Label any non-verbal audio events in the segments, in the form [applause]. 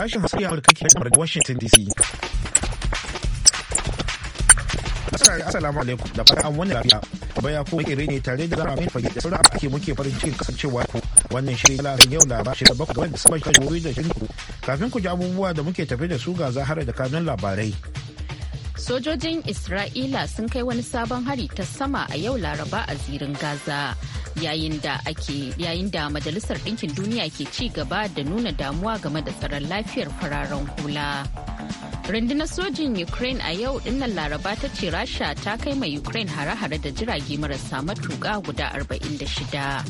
Sashen Hausa Amurka ke samar da Washington DC. Assalamu alaikum da fara an wani lafiya. Baya ko kere ne tare da zama mai fage da sura ake muke farin cikin kasancewa ku. Wannan shirin lafiya yau labar shirin bakwai wanda sabon kan wuri da shirin ku. Kafin ku ji abubuwa da muke tafi da su ga zahara da kanun labarai. Sojojin Isra'ila sun kai wani sabon hari ta sama a yau Laraba a zirin Gaza. yayin da ake da majalisar ɗinkin duniya ke ci gaba da nuna damuwa game da tsaron lafiyar fararen hula rundunar sojin ukraine a yau dinnan laraba ta ce rasha ta kai mai ukraine hare-hare da jirage marasa matuƙa guda 46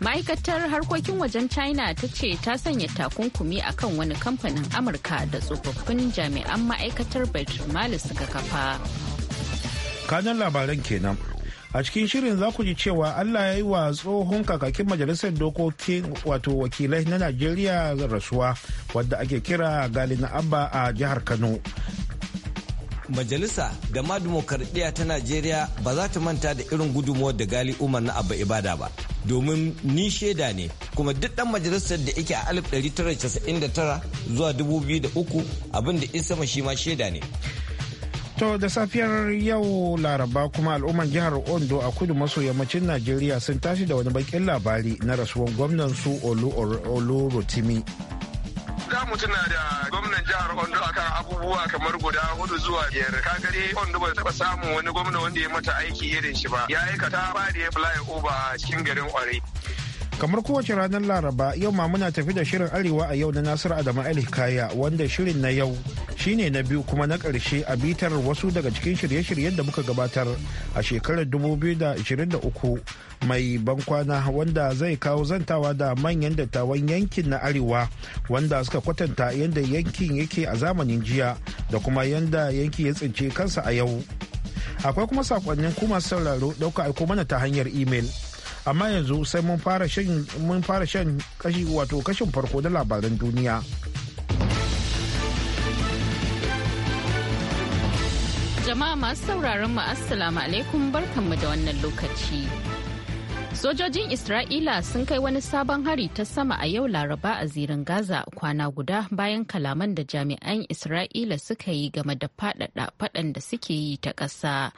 ma'aikatar harkokin wajen china ta ce ta sanya takunkumi a kan wani kamfanin amurka da tsofaffin jami'an ma'aikatar baitul ga suka kafa kanan labaran kenan a cikin shirin za ku ji cewa allah ya yi wa tsohon kakakin majalisar dokokin wato wakilai na najeriya rasuwa wadda ake kira galina abba a jihar kano majalisa da ma dimokuraɗiyya ta najeriya ba za ta manta da irin gudunmuwar da gali umar na abba ibada ba domin ni shaida ne kuma duk dan majalisar da yake a 1999 zuwa 2003 abin da isa ma shi ma shaida ne To da safiyar yau laraba kuma al'ummar jihar Ondo a kudu maso yammacin Najeriya sun tashi da wani bakin labari na rasuwan gwamnan su Olu Rotimi. Za mu tuna da gwamnan jihar Ondo a kan abubuwa kamar guda hudu zuwa biyar. Ka gari Ondo bai taba samun wani gwamna wanda ya mata aiki irin shi ba. Ya aikata ba da ya fly over cikin garin Ore. kamar kowace ranar laraba yau ma muna tafi da shirin arewa a yau na nasiru adamu kaya wanda shirin na yau shine na biyu kuma na karshe a bitar wasu daga cikin shirye-shiryen da muka gabatar a shekarar 2023 mai bankwana wanda zai kawo zantawa da manyan dattawan yankin na arewa wanda suka kwatanta yadda yankin yake a zamanin jiya da kuma yadda yanki ya tsince kansa a yau akwai kuma sakonnin kuma sauraro ɗauka aiko mana ta hanyar imel. amma yanzu sai mun fara shan kashi wato kashin farko da labaran duniya jama'a masu sauraron mu assalamu alaikum barkanmu da wannan lokaci Sojojin Isra'ila sun kai wani sabon hari ta sama a yau Laraba a zirin Gaza kwana guda bayan kalaman da jami'an Isra'ila suka yi game da faɗaɗa faɗan da suke yi ta ƙasa.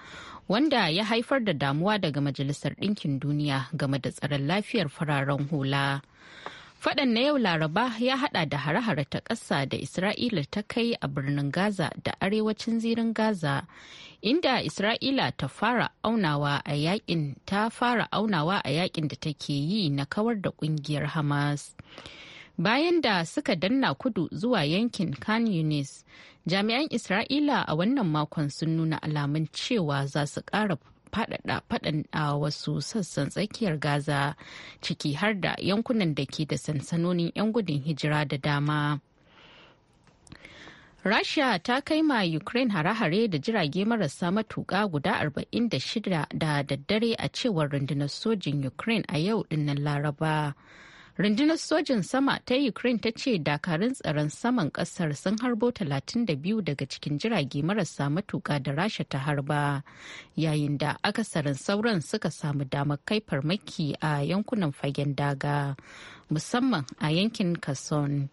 wanda ya haifar da damuwa daga Majalisar Ɗinkin Duniya game da tsaron lafiyar fararen hula. Faɗan na yau Laraba ya haɗa da hare-hare ta ƙasa da Isra'ila ta kai a birnin Gaza da arewacin zirin Gaza, inda Isra'ila ta fara aunawa a yakin ta fara aunawa a yakin da take yi na kawar da ƙungiyar Hamas. bayan da suka danna kudu zuwa yankin Khan Yunis. Jami'an Isra'ila a wannan makon sun nuna alamun cewa za su ƙara faɗaɗa faɗan a wasu sassan tsakiyar Gaza ciki har da yankunan da ke da sansanonin 'yan gudun hijira da dama. Rasha ta kai ma Ukraine hare-hare da jirage marasa matuƙa guda 46 da daddare a cewar rundunar sojin Ukraine a yau dinnan Laraba. rundunar sojin sama ta ukraine ta ce dakarun tsaron saman kasar sun harbo 32 daga cikin jirage marasa matuka da rasha ta harba yayin da akasarin sauran suka samu damar kai farmaki a yankunan fagen daga musamman a yankin kason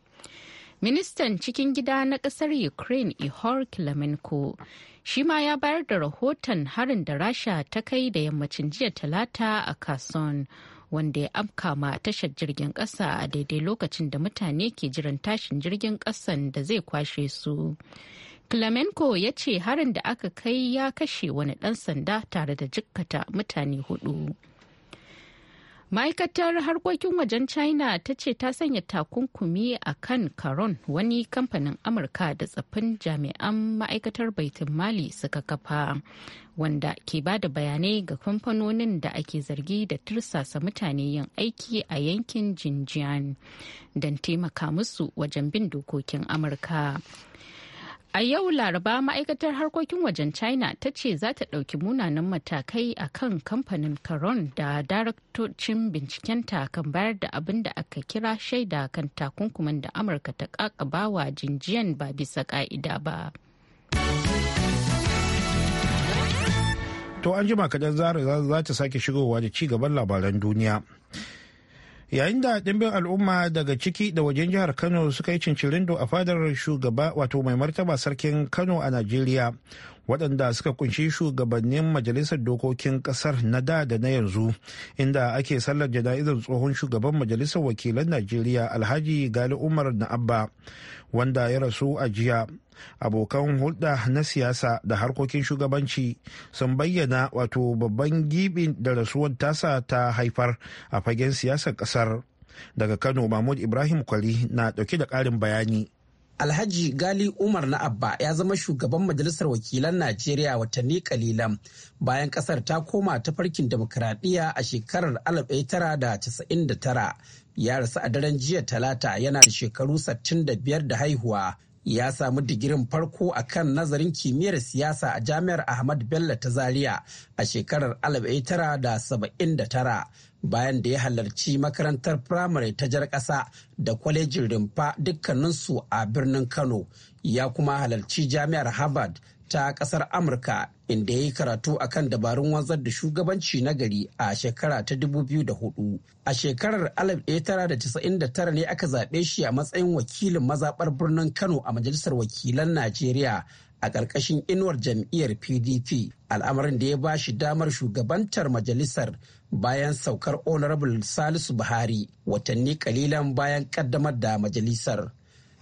ministan cikin gida na kasar ukraine ihor kilamenko shi ma ya bayar da rahoton harin da rasha ta kai da yammacin jiya talata a kason wanda ya amka ma tashar jirgin kasa a daidai lokacin da mutane ke jiran tashin jirgin kasan da zai kwashe su. Clamenco ya ce harin da aka kai ya kashe wani ɗan sanda tare da jikkata mutane hudu. ma'aikatar harkokin wajen china ta ce ta sanya takunkumi a kan caron wani kamfanin amurka da tsaffin jami'an ma'aikatar baitin mali suka kafa wanda ke ba da bayanai ga kamfanonin da ake zargi da tursasa mutane yin aiki a yankin jinjian don taimaka musu wajen bin dokokin amurka A yau Laraba ma'aikatar harkokin wajen China ta ce za ta ɗauki munanan matakai a kan kamfanin Caron da daraktocin bincikenta kan bayar da abin da aka kira shaida kan takunkuman da Amurka ta ƙaƙabawa jinjiyan ba bisa ka'ida ba. To an jima kaɗan zara za ta sake shigowa da ci gaban labaran duniya. yayin da ɗimbin al'umma daga ciki da wajen jihar kano suka yi cincirindo a fadar shugaba wato mai martaba sarkin kano a najeriya waɗanda suka kunshi shugabannin majalisar dokokin ƙasar na da da na yanzu inda ake sallar jana'izar tsohon shugaban majalisar wakilan najeriya alhaji gali umar na abba wanda ya rasu a jiya abokan hulɗa na siyasa da harkokin shugabanci sun bayyana wato babban gibin da rasuwar tasa ta haifar a fagen siyasar ƙasar daga kano mahmud ibrahim kwali na ɗauke da ƙarin bayani Alhaji Gali Umar na Abba ya zama shugaban Majalisar Wakilan Najeriya watanni kalilan bayan kasar ta koma ta farkin demokuraɗiyya a shekarar 1999 ya rasu a daren jiya talata yana da shekaru 65 da haihuwa ya samu digirin farko a kan nazarin kimiyyar siyasa a jami'ar Ahmad Bello ta Zaria a shekarar 1979 bayan da ya halarci makarantar firamare ta jar ƙasa da kwalejin Rimfa dukkaninsu a birnin kano ya kuma halarci jami'ar harvard ta ƙasar amurka inda ya yi karatu akan dabarun wanzar da shugabanci na gari a shekara ta 2004 a shekarar 1999 ne aka zaɓe shi a matsayin wakilin mazaɓar birnin kano a majalisar wakilan najeriya a ƙarƙashin inuwar jam'iyyar pdp al'amarin da ya ba shi damar shugabantar majalisar bayan saukar honorable salisu buhari watanni kalilan bayan ƙaddamar da majalisar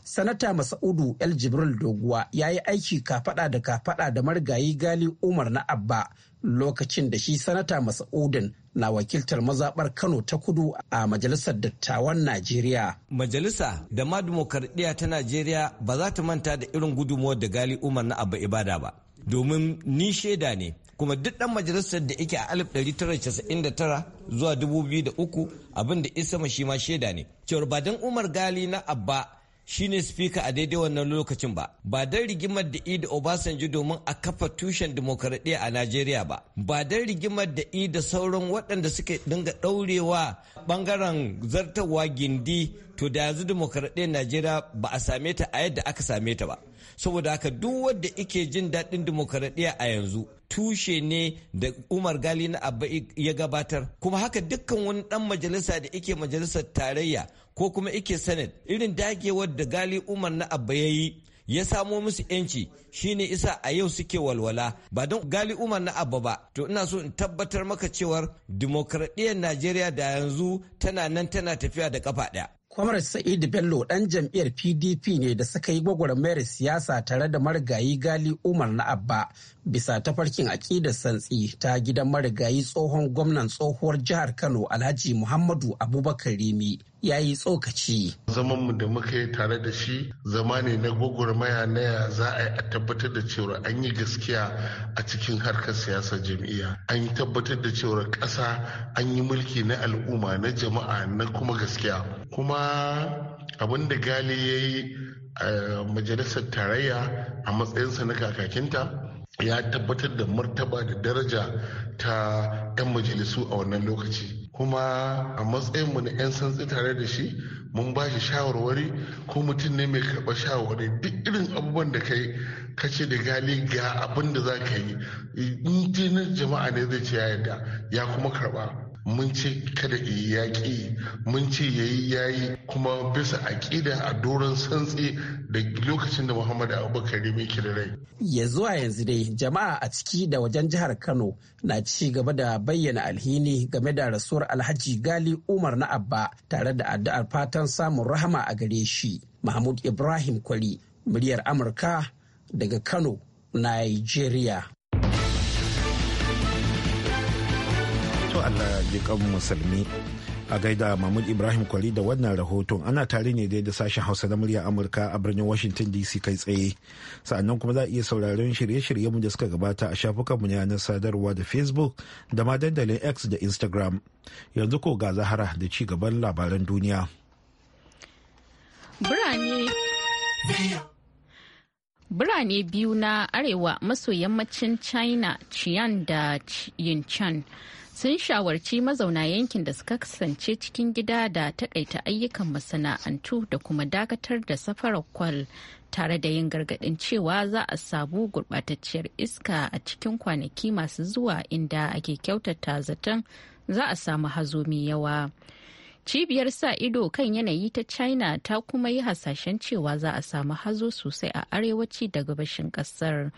sanata masaudu el jibril doguwa ya yi aiki kafaɗa da kafaɗa da marigayi gali umar na abba lokacin da shi sanata masaudin na wakiltar Mazabar Kano ta kudu a Majalisar Dattawan Najeriya. Majalisa da ma dimokuraɗiyya ta Najeriya ba za ta manta da irin gudunmuwar da Gali Umar na Abba Ibada ba. Domin ni shaida ne kuma duk ɗan majalisar da yake a 1999 zuwa 2003 abin da isa shi ma shaida ne. Cewar ba don Umar Gali na Abba shine speaker a daidai wannan lokacin ba ba dan rigimar da ida obasanjo domin a kafa tushen demokaradiyya a najeriya ba ba dan rigimar da ida sauran waɗanda suke dinga ɗaurewa bangaren zartarwa gindi to da yanzu demokaradiyyar najeriya ba a same ta a yadda aka same ta ba saboda haka duk wanda ike jin daɗin demokaradiyya a yanzu tushe ne da umar gali na abba ya gabatar kuma haka dukkan wani ɗan majalisa da ike majalisar tarayya ko kuma ike senet irin dagewar da gali umar na abba ya ya samo musu yanci shine isa a yau suke walwala ba don gali umar na abba ba to ina so in tabbatar maka cewar dimokuraɗiyyar najeriya da yanzu tana nan tana tafiya da kafa ɗaya kwamar Sa'idu bello ɗan jam'iyyar pdp ne da suka yi gwagwarmayar siyasa tare da marigayi gali umar na abba bisa tafarkin aƙidar santsi ta gidan marigayi tsohon gwamnan tsohuwar jihar kano alhaji muhammadu abubakar rimi ya yi tsokaci. zamanmu da muka yi tare da shi zama ne na gwagwarmaya na ya za a yi a tabbatar da cewar an yi gaskiya a cikin harkar siyasar jam'iyya an yi tabbatar da cewar ƙasa an yi mulki na al'umma na jama'a na kuma gaskiya kuma abin da gali ya yi a majalisar tarayya a matsayinsa na kakakinta ya tabbatar da martaba da daraja ta 'yan majalisu a wannan lokaci kuma a matsayinmu na 'yan santsi tare da shi mun ba shi shawarwari ko mutum ne mai karɓa shawarwari duk irin abubuwan da kai ka ce da gali ga abin da za ka yi in jama'a ne zai ce ya yarda ya kuma karɓa mun ce kada yi yaƙi mun ce ya yi yayi kuma bisa aƙida a doron santsi da lokacin da muhammad abubakar ya ke da rai. ya zuwa yanzu dai jama'a a ciki da wajen jihar kano na ci gaba da bayyana alhini game da rasuwar alhaji gali umar na abba tare da addu'ar fatan samun rahama a gare shi mahmud ibrahim kwari muryar amurka daga kano nigeria Allah ji kan musulmi a gaida Mahmud Ibrahim Kwali da wannan rahoton ana tare ne dai da sashen Hausa na murya Amurka a birnin Washington DC kai tsaye sa'annan kuma za a iya sauraron shirye-shirye mu da suka gabata a shafukan mu yanar sadarwa da Facebook da ma dandalin X da Instagram yanzu ko ga Zahara da ci gaban labaran duniya Birane Birane biyu na arewa maso yammacin China, Chiang da Yinchan sun shawarci mazauna yankin da suka kasance cikin gida da takaita ayyukan masana'antu da kuma dakatar da safarar kwal tare da yin gargaɗin cewa za a sabu gurɓatacciyar iska a cikin kwanaki masu zuwa inda ake kyautata zaton za a samu hazo yawa. Cibiyar sa ido kan yanayi ta China ta kuma yi hasashen cewa za a samu hazo sosai a arewaci da gabashin kasar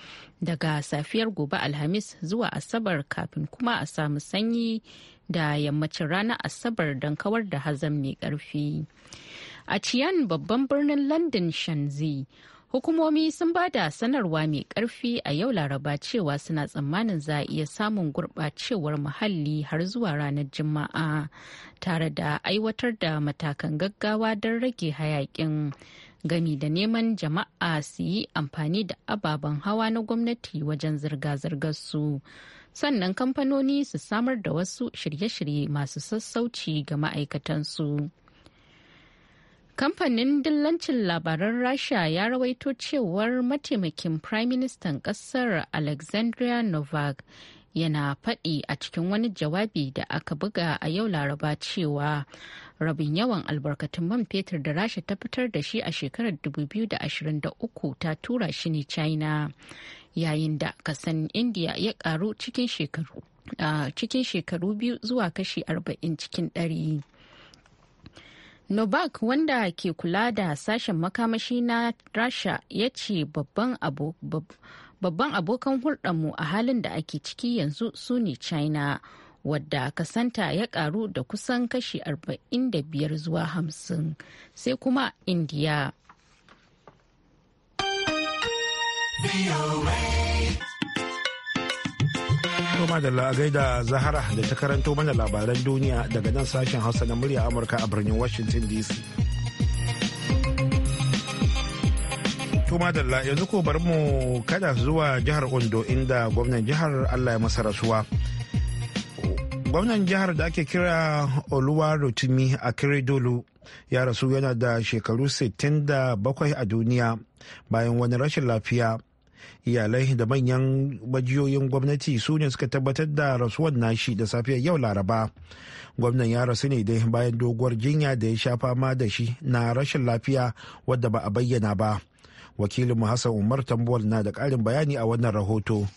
daga safiyar gobe Alhamis zuwa Asabar kafin kuma a samu sanyi da yammacin ranar Asabar don kawar da hazan mai ƙarfi. A Ciyan babban birnin London Shanzi. hukumomi sun ba da sanarwa mai karfi a yau laraba cewa suna tsammanin za a iya samun gurɓacewar muhalli har zuwa ranar juma'a tare da aiwatar da matakan gaggawa don rage hayaƙin, gami da neman jama'a su yi amfani da ababen hawa na gwamnati wajen zirga-zirgar su sannan kamfanoni su samar da wasu shirye-shirye masu sassauci ga ma'aikatansu. su Kamfanin dillancin labaran Rasha ya rawaito cewar mataimakin Prime Ministan kasar Alexandria Novak yana faɗi a cikin wani jawabi da aka buga a yau Laraba cewa rabin yawan albarkatun man fetur da Rasha ta fitar da shi a shekarar 2023 ta tura shi ne China yayin da kasan India ya karu cikin shekaru biyu zuwa kashi 40 cikin ɗari. Novak wanda ke kula da sashen makamashi na Rasha ya ce babban abu babban abokan hulɗarmu a halin da ake ciki yanzu su ne China wadda kasanta ya karu da kusan kashi 45 zuwa 50 sai kuma India. Noma da gaida Zahara da ta karanto mana labaran duniya daga nan sashen Hausa na murya Amurka a birnin Washington DC. Tuma yanzu ko bar mu kada zuwa jihar Ondo inda gwamnan jihar Allah ya masa rasuwa. Gwamnan jihar da ake kira Oluwa Rotimi a Kiredolu ya rasu yana da shekaru 67 a duniya bayan wani rashin lafiya. iyalai da manyan majiyoyin gwamnati su ne suka tabbatar da rasuwan nashi da safiyar yau laraba gwamnan ya rasu ne dai bayan doguwar jinya da ya sha fama da shi na rashin lafiya wadda ba a bayyana ba wakilinmu hassan umar tambuwal na da ƙarin bayani a wannan rahoto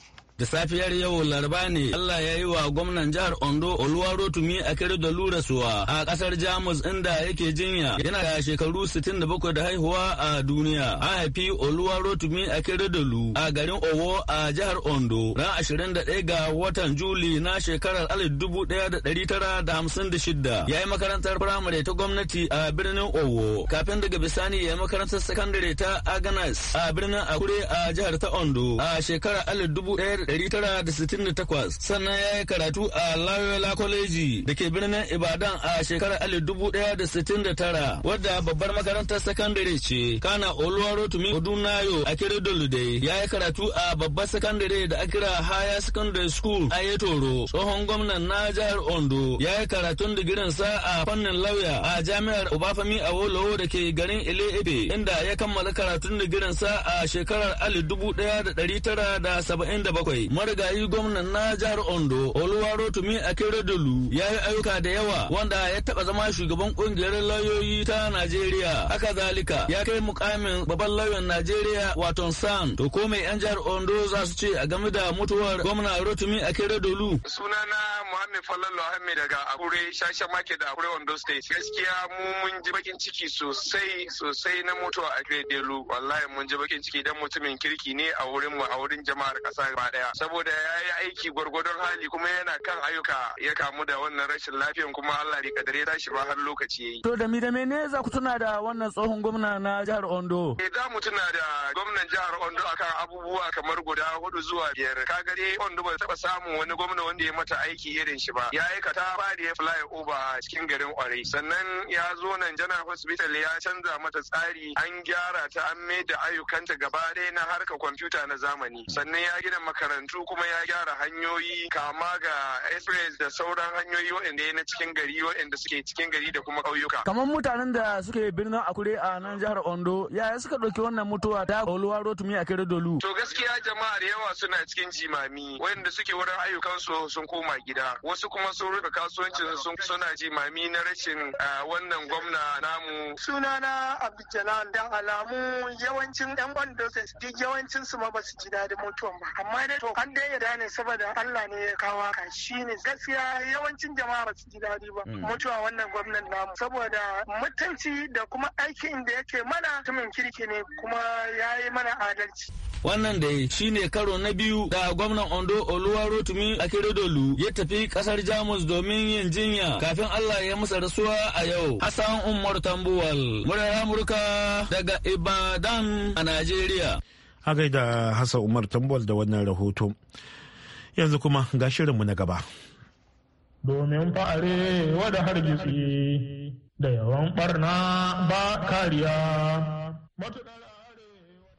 Da safiyar yau laraba ne Allah ya yi wa gwamnan jihar Ondo a kare da lura suwa a kasar Jamus inda yake jinya yana da shekaru 67 da haihuwa a duniya. An haifi a kare da lu a garin Owo a jihar Ondo ran 21 ga watan Juli na shekarar 1956. Ya yi makarantar firamare ta gwamnati a birnin Owo kafin daga bisani ya yi makarantar sakandare ta Aganas a birnin Akure a jihar ta Ondo a shekarar 1956. 1968 sannan ya yi karatu a Loyola College da ke birnin Ibadan a shekarar 1969 wadda babbar makarantar sakandare ce. Kana Oluwarotumi Odunayo a Dolude ya yi karatu a babbar sakandare da akira Higher Secondary School a Yetoro. Tsohon gwamnan na jihar Ondo ya yi karatun digirinsa a fannin lauya a jami'ar Obafemi Awolowo da ke garin ile Ebe inda ya kammala karatun digirinsa a shekarar 1977. Yamai. Marigayi gwamnan na jihar Ondo Oluwarotumi Akeredolu ya yi ayyuka da yawa wanda ya taɓa zama shugaban ƙungiyar lauyoyi ta Najeriya. Haka zalika ya kai mukamin babban lauyan Najeriya wato San. To ko mai 'yan jihar Ondo za su ce a game da mutuwar gwamna Rotumi Akeredolu. Sunana Muhammad Falalu Ahmed daga Akure Shasha Market da Akure Ondo State. Gaskiya mu mun ji bakin ciki sosai sosai na mutuwa Akeredolu. Wallahi mun ji bakin ciki dan mutumin kirki ne a wurin mu a wurin jama'ar ƙasa gaba ɗaya. saboda ya yi aiki gwargwadon hali kuma yana kan ayyuka ya kamu da wannan rashin lafiyan kuma Allah ya kadare shi ba har lokaci yayi. To da mi da me ne za ku tuna da wannan tsohon gwamna na jihar Ondo? Eh da mu tuna da gwamnan jihar Ondo akan abubuwa kamar guda hudu zuwa biyar. Ka gare Ondo ba taba samun wani gwamna wanda ya mata aiki irin shi ba. Ya aikata ba da ya fly over a cikin garin Ore. Sannan ya zo nan jana hospital ya canza mata tsari an gyara ta an mai da ayyukanta gaba ɗaya na harkar kwamfuta na zamani. Sannan ya gina maka makarantu kuma ya gyara hanyoyi kama ga express da sauran hanyoyi waɗanda na cikin gari waɗanda suke cikin gari da kuma ƙauyuka. Kamar mutanen da suke birnin Akure a nan jihar Ondo yaya suka ɗauki wannan mutuwa ta Oluwa Rotumi a kere Dolu. To gaskiya da yawa suna cikin jimami waɗanda suke wurin ayyukansu sun koma gida wasu kuma sun rufe kasuwancin sun suna jimami na rashin wannan gwamna namu. Sunana Abduljalal da alamu yawancin 'yan Ondo duk yawancin su ma ba su ji daɗin mutuwan ba amma to an dai da ne saboda Allah ne ya kawo haka shine gaskiya yawancin jama'a ba su ji dadi ba mm. mutuwa wannan gwamnan namu saboda mutunci da kuma aikin da yake mana mutumin kirki ne kuma yayi mana adalci wannan da shi ne karo na biyu da gwamnan ondo oluwarotumi akeredolu ya tafi kasar jamus domin yin jinya kafin allah ya musa rasuwa a yau hassan umar tambuwal murar amurka daga ibadan a najeriya a gaida Hassan Umar Tambol da wannan rahoto. Yanzu kuma ga shirinmu na gaba. Domin fa'are wada hargitsi da yawan barna ba kariya.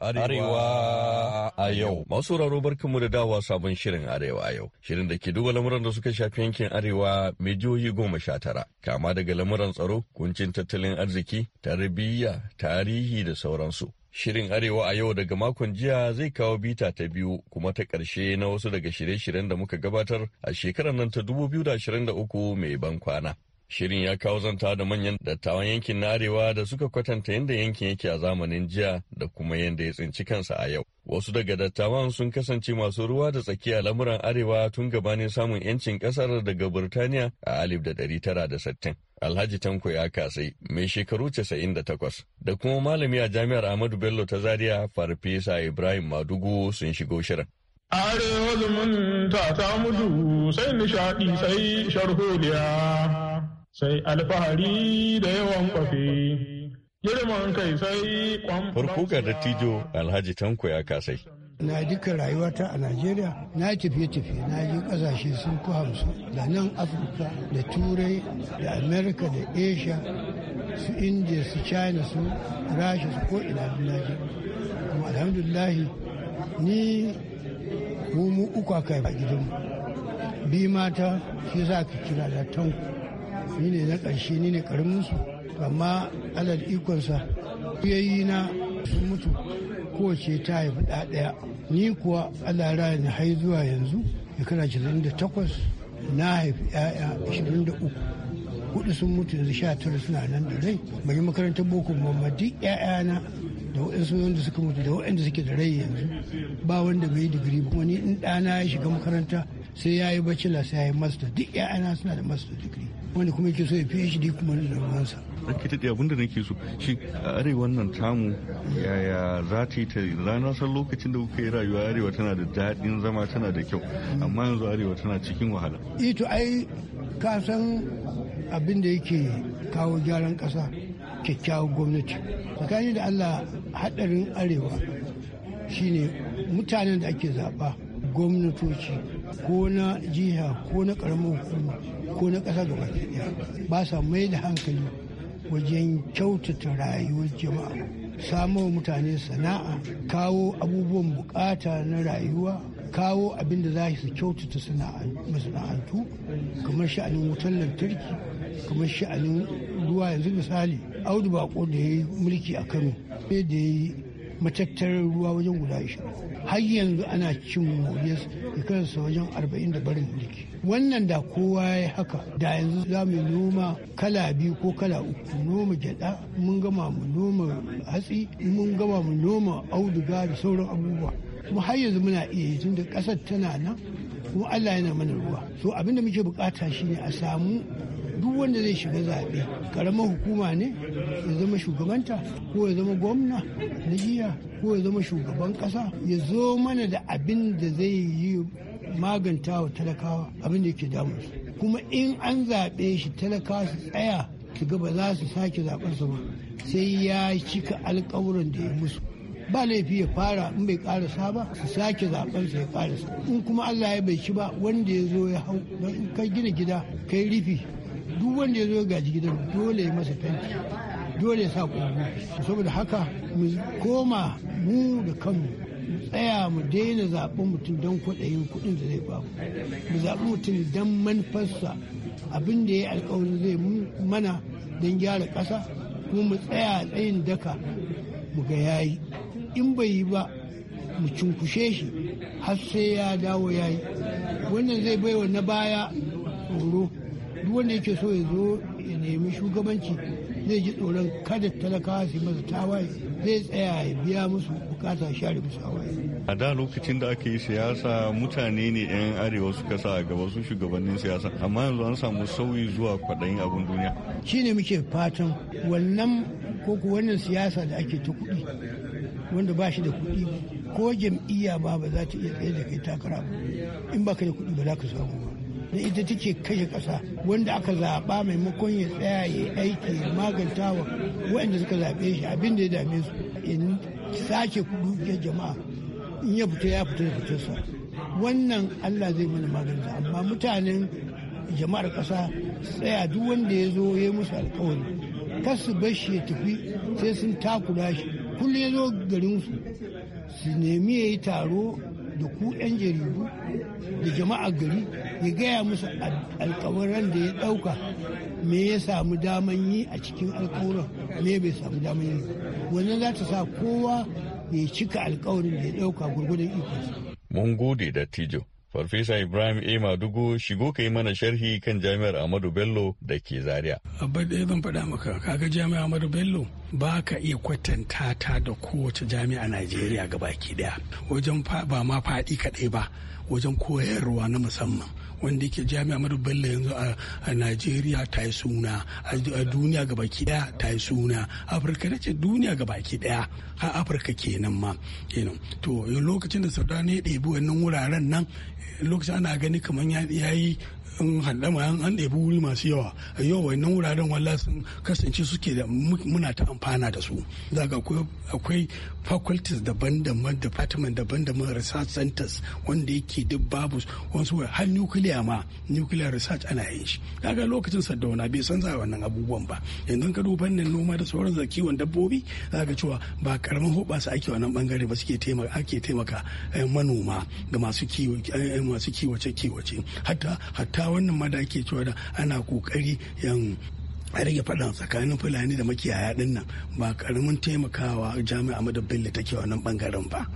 Arewa a yau. Masu raro barkanmu da dawa sabon shirin Arewa a yau. Shirin da ke duba lamuran da suka shafi yankin Arewa mai goma sha tara. Kama daga lamuran tsaro, kuncin tattalin arziki, tarbiyya, tarihi da sauransu. Shirin Arewa a yau daga makon jiya zai kawo bita ta biyu kuma ta ƙarshe na wasu daga shirye-shiryen da muka gabatar a shekarar nan ta 2023 mai ban kwana. Shirin ya kawo zanta da manyan dattawan yankin na Arewa da suka kwatanta yadda yankin yake a zamanin jiya da kuma yadda ya tsinci kansa a yau. Wasu daga dattawan sun kasance masu ruwa da tsakiya lamuran Arewa tun gabanin samun 'yancin ƙasar daga Burtaniya a 1960. Alhaji Tanko ya kasai mai shekaru 98 da kuma malami a jami'ar Ahmadu Bello ta Zaria Farfesa Ibrahim Madugu sun shigo shirin. Arewa zumunta ta mudu sai nishaɗi sai sharholiya. sai alfahari da yawan kwafi. Girman kai sai kwamfa. Farko ga dattijo Alhaji Tanko ya kasai. na duka rayuwata a Najeriya na tafiye-tafiye na yi kasashe sun ku hamsu da nan Afirka da Turai da Amerika da Asia su India su China su Rasha su ko ina na je. Kuma alhamdulahi ni mu mu uku aka yi ba gidanmu. Bi mata shi za ka kira da tanku. ni ne na ƙarshe ni ne ƙaramin su amma alal ikonsa yayi na sun mutu kowace ta haifi ɗa ɗaya ni kuwa ala raya na hai zuwa yanzu shekara takwas na haifi 'ya'ya uku. hudu sun mutu yanzu tara suna nan da rai yi makarantar boko mamadi 'ya'yana da waɗansu wanda suka mutu da waɗanda suke da rai yanzu ba wanda bai yi digiri ba wani in ɗana ya shiga makaranta sai ya yi bachelor sai ya yi master duk 'ya'yana suna da master digiri wani kuma yake so ya phd kuma da nasa ake taɗi abin da nake so shi a arewa nan tamu yaya za ta yi ta ranar san lokacin da kuka yi rayuwa arewa tana da daɗin zama tana da kyau amma yanzu arewa tana cikin wahala ito e, ai ka san abin da yake kawo gyaran ƙasa kyakkyawar gwamnati tsakanin da allah haɗarin arewa shine mutanen da ake zaɓa gwamnatoci ko na jiha ko na ƙaramin hukuma ko na ƙasa gaba ɗaya ba sa mai da hankali wajen kyautata rayuwar jama'a samun mutane sana'a kawo abubuwan bukata na rayuwa kawo abin da za su kyautata masana'antu kamar sha'anin wutar lantarki kamar sha'anin ruwa yanzu misali audu bako da ya yi mulki a kano da ya yi matattarar ruwa wajen guda shi har yanzu ana cin ya shekararsa wajen arba'in da barin mulki wannan da kowa ya haka da yanzu za mu noma kala biyu ko kala uku noma gyada mun gama mu noma hatsi mun gama mu noma auduga da sauran abubuwa kuma har yanzu muna iya yi tun da ƙasar tana nan kuma Allah yana mana ruwa so abin da muke bukata shine a samu duk wanda zai shiga zaɓe karamar hukuma ne ya zama shugabanta ko ya zama gwamna na jiya ko ya zama shugaban ƙasa ya zo mana da abin da zai yi maganta wa talakawa abin da ke damu kuma in an zaɓe shi talakawa su tsaya su ga ba za su sake zaɓensa ba sai ya cika alkawuran da ya musu ba laifi ya fara in bai karasa ba su sake zaben ya karasa in kuma allah ya bai ci ba wanda ya zo ya hau in ka gina gida kai rufi duk wanda ya zo gaji gidan dole ya masa fenti dole ya sa kogo saboda haka mu koma mu da kanmu tsaya mu daina zaɓi mutum don kwaɗayin kuɗin da zai bamu mu zaɓi mutum don manufarsa abin da ya yi alkawarin zai mana don gyara ƙasa kuma mu tsaya tsayin daka mu ga yayi in bai yi ba mu cunkushe shi har sai ya dawo yayi wannan zai baiwa na baya tsoro duk wanda yake so ya zo ya nemi shugabanci zai ji tsoron kada talakawa su masa tawaye zai tsaya ya biya musu bukata share musu hawaye. a da lokacin da aka yi siyasa mutane ne 'yan arewa suka sa a gaba su shugabannin siyasa amma yanzu an samu sauyi zuwa kwaɗayin abin duniya shi ne muke fatan wannan ko ku wannan siyasa da ake ta kuɗi wanda ba shi da kuɗi ko jam'iyya ba ba za ta iya tsaye da kai takara ba in ba ka da kuɗi ba za ka samu ba na ita take kashe kasa wanda aka zaɓa maimakon ya tsaya ya aiki ya maganta wa waɗanda suka zaɓe shi abin da ya dame su in sake dukiyar jama'a in ya fita ya fita da fitarsa wannan allah zai mana maganta amma mutanen jama'ar kasa tsaya duk wanda ya zo ya musu alkawari kar su bar shi ya tafi sai sun takura shi kullum ya zo garinsu su nemi ya yi taro da ku 'yan jaridu da jama'a gari ya gaya musu alkawaran da ya ɗauka me ya samu daman yi a cikin alkawaran me bai samu daman yi wannan za ta sa kowa ya cika alkawarin da ya ɗauka gurgudan ikonsa. mun gode da tijo Farfesa Ibrahim A. Madugu shigo ka yi mana sharhi kan jami'ar Ahmadu Bello da ke Zaria. Abba ɗaya zan faɗa maka, kaga jami'ar Ahmadu Bello ba ka iya kwatanta ta da kowace jami'a Najeriya gabaki daya Wajen ba ma faɗi kaɗai ba, wajen koyarwa na musamman. wanda yake jami'a madu bello yanzu a najeriya ta yi suna a duniya ga baki daya ta yi suna afirka ta ce duniya ga baki daya a afirka kenan ma to lokacin da saudani ya ɗebi wannan wuraren nan lokacin ana gani kamar ya yi in handama an ɗebi wuri masu yawa a yau wannan wuraren walla sun kasance suke da muna ta amfana da su daga akwai faculties daban-daban department daban-daban research centers wanda yake duk babu wasu har nuclear ma nuclear research ana yin shi daga lokacin saddauna bai san za wannan abubuwan ba yanzu ka duba fannin noma da sauran da kiwon dabbobi zaka cewa ba karamin su ake wannan bangare ba suke taimaka ake taimaka eh, manoma ga masu kiwo eh, masu kiwace kiwace hatta hatta wannan ma da ake cewa da ana kokari yan a rage faɗan tsakanin fulani da makiyaya ɗin nan ba karamin taimakawa jami'a madab bello take wannan bangaren ba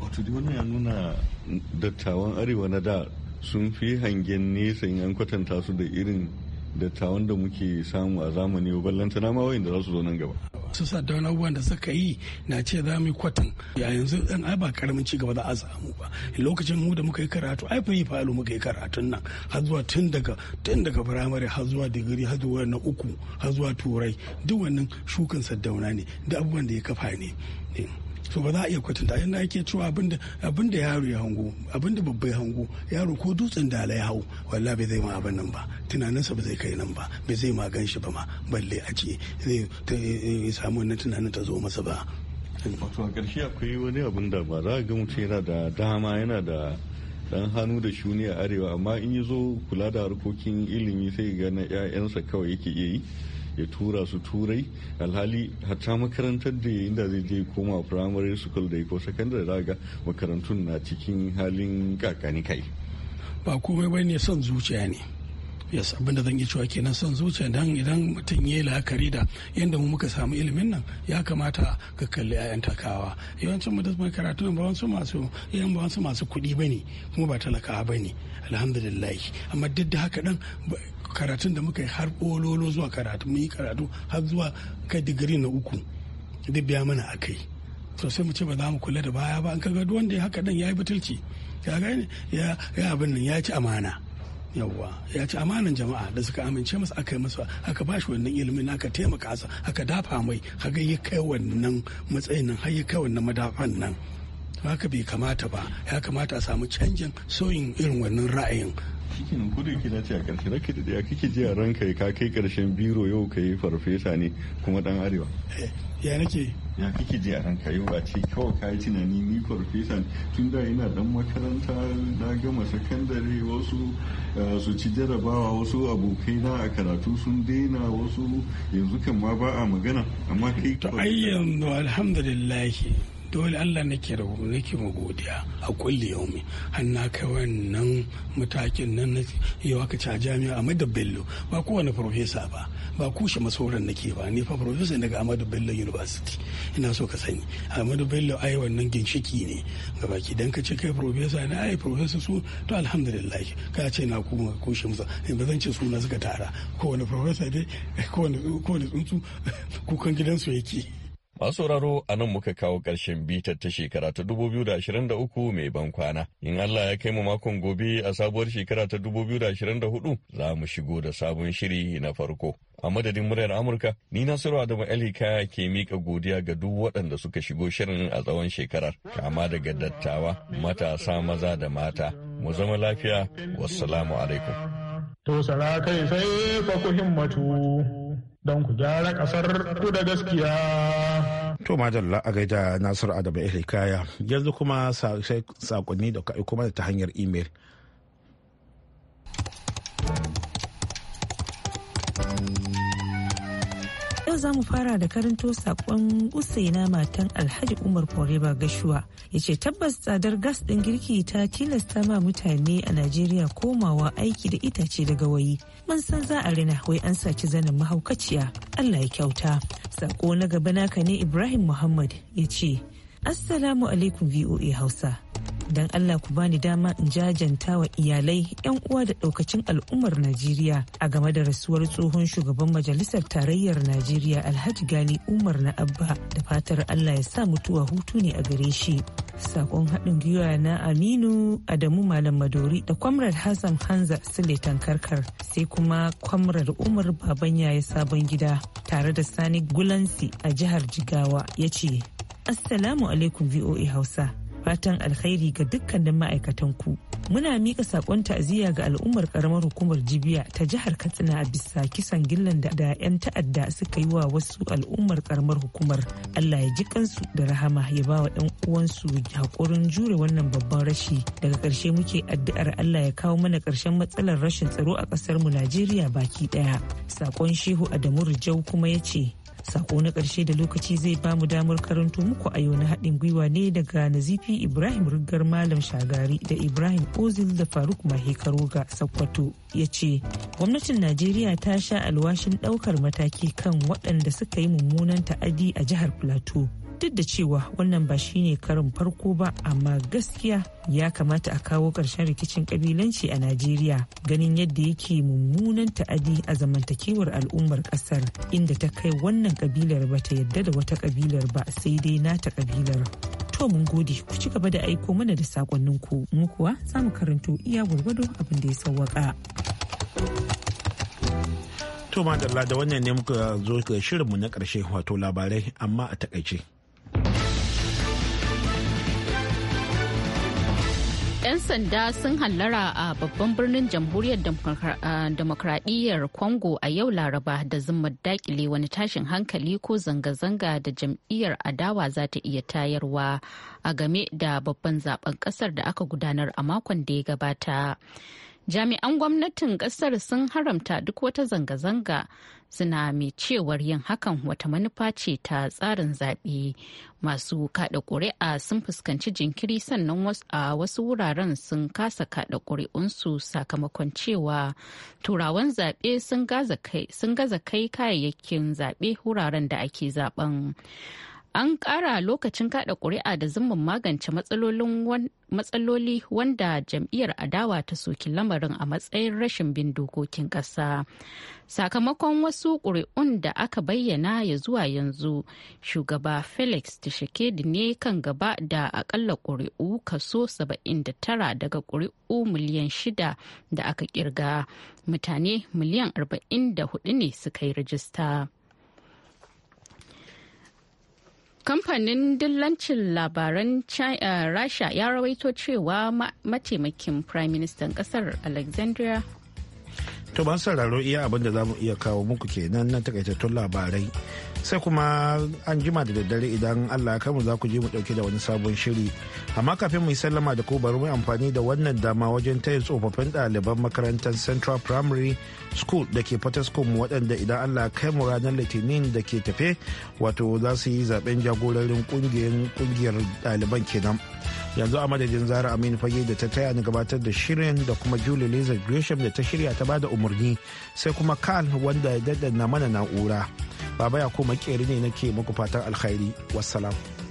wato duk wannan ya nuna dattawan arewa na da sun fi hangen nesa yan kwatanta su da irin dattawan da muke samu a zamani lanta na wayin da za su zo nan gaba su sa da abubuwan da suka yi na ce za mu yi kwatan ya yanzu dan ai ba karamin ci gaba za a samu ba lokacin mu da muka yi karatu ai fa falo muka yi karatun nan har zuwa tun daga tun daga firamare har zuwa digiri har zuwa na uku har zuwa turai duk wannan shukan sadauna ne da abubuwan da ya kafa ne so ba za a iya kwatanta yadda ake cewa abin da yaro ya hango abin da babbai hango yaro ko dutsen da ya hau walla bai zai ma abin nan ba tunaninsa ba zai kai nan ba bai zai ma ganshi ba ma balle a ce zai samu wannan tunanin ta zo masa ba wato a ƙarshe akwai wani abin da ba za a ga mutum yana da dama yana da dan hannu da shuni a arewa amma in yi zo kula da harkokin ilimi sai ga na 'ya'yansa kawai yake iya yi ya tura su turai alhali hatta makarantar da inda zai je koma primary school da ko secondary daga makarantun na cikin halin kakani kai ba komai ba ne son zuciya ne yes abinda zan yi cewa kenan son zuciya dan idan mutum ya yi la'akari da yadda mu muka samu ilimin nan ya kamata ka kalli a'yan takawa yawancin mu mai karatu ba wasu masu yan eh, ba wasu masu kuɗi bane kuma ba talakawa bane alhamdulillah amma duk da haka dan karatun da muka yi har ololo zuwa karatu mun yi karatu har zuwa kai digiri na uku duk biya mana a kai to sai mu ce ba za mu kula da baya ba an kaga gado wanda ya haka dan yayi batulci ya gane ya abin nan ya ci amana yawwa ya ci amanan jama'a da suka amince masa aka yi masa aka ba shi wannan ilimin aka taimaka sa haka dafa mai haka ya kai wannan matsayin nan har ya kai wannan madafan nan haka bai kamata ba ya kamata a samu canjin sauyin irin wannan ra'ayin shikenan gudu ke dace na ce a karshe rake da ya kake ji a ranka ka kai karshen biro yau ka yi farfesa ne kuma dan arewa eh, ya nake ya kake ji a ranka yau a ce kawai ka yi tunani ni farfesa tun da ina dan makaranta na gama sakandare wasu eh, su ci jarabawa wasu abokai na a karatu sun daina wasu yanzu kan ma ba a magana amma kai ta yanzu alhamdulillah dole allah nake da nake mu godiya a kulli yaumi har na kai wannan matakin nan na yau aka ci a jami'a amadu bello ba kowane profesa ba ba kushe masoran nake ba ni fa profesa daga amadu bello university ina so ka sani amadu bello ai wannan ginshiki ne ga baki dan ka ce kai profesa na ai profesa su to alhamdulillah ka ce na kuma kushe musa ba zan ce suna suka tara kowane profesa dai kowane tsuntsu [laughs] kukan gidansu yake Masu sauraro a nan muka kawo ƙarshen bitar ta shekara ta 2023 mai ban kwana. In Allah ya kai mu makon gobe a sabuwar shekara ta 2024 za mu shigo da sabon shiri na farko. A madadin muryar Amurka, ni Nasiru Adamu Ali kaya ke mika godiya ga duk waɗanda suka shigo shirin a tsawon shekarar, kama daga dattawa, matasa maza da mata. Mu zama lafiya, wassalamu alaikum. To sai fa himmatu. don ku gyara kasar ku da gaskiya. To madalla a gaida Nasiru Adamu Hikaya yanzu kuma sakonni da kuma aiko mana ta hanyar imel. za mu fara da karanto sakon usaina matan alhaji umar koreba gashuwa ya ce tabbas tsadar gas ɗin girki ta tilasta ma mutane a najeriya komawa aiki da itace daga wayi mun san za a rina wai an saci zanen mahaukaciya allah ya kyauta sako na gaba naka ne ibrahim muhammad ya ce assalamu alaikum voa hausa don Allah ku bani dama in jajanta wa iyalai 'yan uwa da daukacin al'ummar Najeriya a game da rasuwar tsohon shugaban majalisar tarayyar Najeriya Alhaji Gani Umar na Abba da fatar Allah ya sa mutuwa hutu ne a gare shi. Sakon haɗin gwiwa na Aminu Adamu Malam Madori da Kwamrad Hassan Hanza Sule Tankarkar sai kuma Kwamrad Umar Babanya ya sabon gida tare da Sani Gulansi a jihar Jigawa ya ce Assalamu alaikum VOA Hausa. fatan alkhairi ga dukkanin ma'aikatan ku muna mika sakon ta'aziyya ga al'ummar karamar hukumar jibiya ta jihar katsina a bisa kisan gillan da 'yan ta'adda suka yi wa wasu al'ummar karamar hukumar allah ya ji kansu da rahama ya ba wa 'yan uwansu hakurin jure wannan babban rashi daga ƙarshe muke addu'ar allah ya kawo mana ƙarshen matsalar rashin tsaro a ƙasar mu najeriya baki ɗaya sakon shehu adamu rijau kuma ya ce Sako na ƙarshe da lokaci zai ba mu damar karanto muku a yau na haɗin gwiwa ne daga Nazifi Ibrahim Rigar Malam Shagari da Ibrahim Ozil da Faruk Mahekaroga Sakkwato ya ce, Gwamnatin Najeriya ta sha alwashin ɗaukar mataki kan waɗanda suka yi mummunan ta'adi a jihar Plateau. duk da cewa wannan ba shi ne karin farko ba amma gaskiya ya kamata a kawo ƙarshen rikicin ƙabilanci a najeriya ganin yadda yake mummunan ta'adi a zamantakewar al'ummar ƙasar inda ta kai wannan ƙabilar ba ta yadda da wata ƙabilar ba sai dai nata ƙabilar to mun gode ku ci gaba da aiko mana da sakonninku mu kuwa za mu karanto iya gwargwado abin da ya sawwaka to madalla da wannan ne muka zo ga shirinmu na karshe wato labarai amma a takaice 'yan sanda sun hallara a babban birnin jamhuriyar demokradiyyar congo a yau laraba da zuma dakile wani tashin hankali ko zanga-zanga da jam'iyyar adawa za ta iya tayarwa a game da babban zaben kasar da aka gudanar a makon da ya gabata jami'an gwamnatin kasar sun haramta duk wata zanga-zanga suna mai cewar yin hakan wata manufa ce ta tsarin zaɓe masu kaɗa ƙuri'a sun fuskanci jinkiri sannan a wasu wuraren sun kasa kaɗa ƙuri'unsu sakamakon cewa turawan zaɓe sun gaza kai kayayyakin zaɓe wuraren da ake zaɓen an ƙara lokacin kada ƙuri'a da zumbin magance matsaloli wanda jam'iyyar adawa ta soki lamarin a matsayin rashin bin dokokin ƙasa sakamakon wasu ƙuri'un da aka bayyana ya zuwa yanzu shugaba felix tshisekedi ne kan gaba da akalla ƙuri'u kaso 79 daga ƙuri'u miliyan 6 da aka kirga mutane miliyan 44 ne suka yi rajista. Kamfanin dillancin labaran uh, Rasha ya rawaito cewa mataimakin Prime Ministan kasar Alexandria To ban sauraro iya abin da za mu iya kawo muku kenan na takaitattun labarai. Sai kuma an jima da daddare idan Allah kanmu za ku je mu dauke da wani sabon shiri. Amma kafin mu yi sallama da ku bari mu amfani da wannan dama wajen taya tsofaffin ɗaliban makarantar Central Primary School da ke Potaskum waɗanda idan Allah kai mu ranar Litinin da ke tafe wato za su yi zaben jagororin kungiyar ɗaliban kenan. yanzu a madadin zara aminu fage da ta taya ni gabatar da shirin da kuma julie lizard gresham da ta shirya ta bada umarni sai kuma kal wanda ya daddana mana na'ura baba ya ko makeri ne nake muku fatan alkhairi wassalam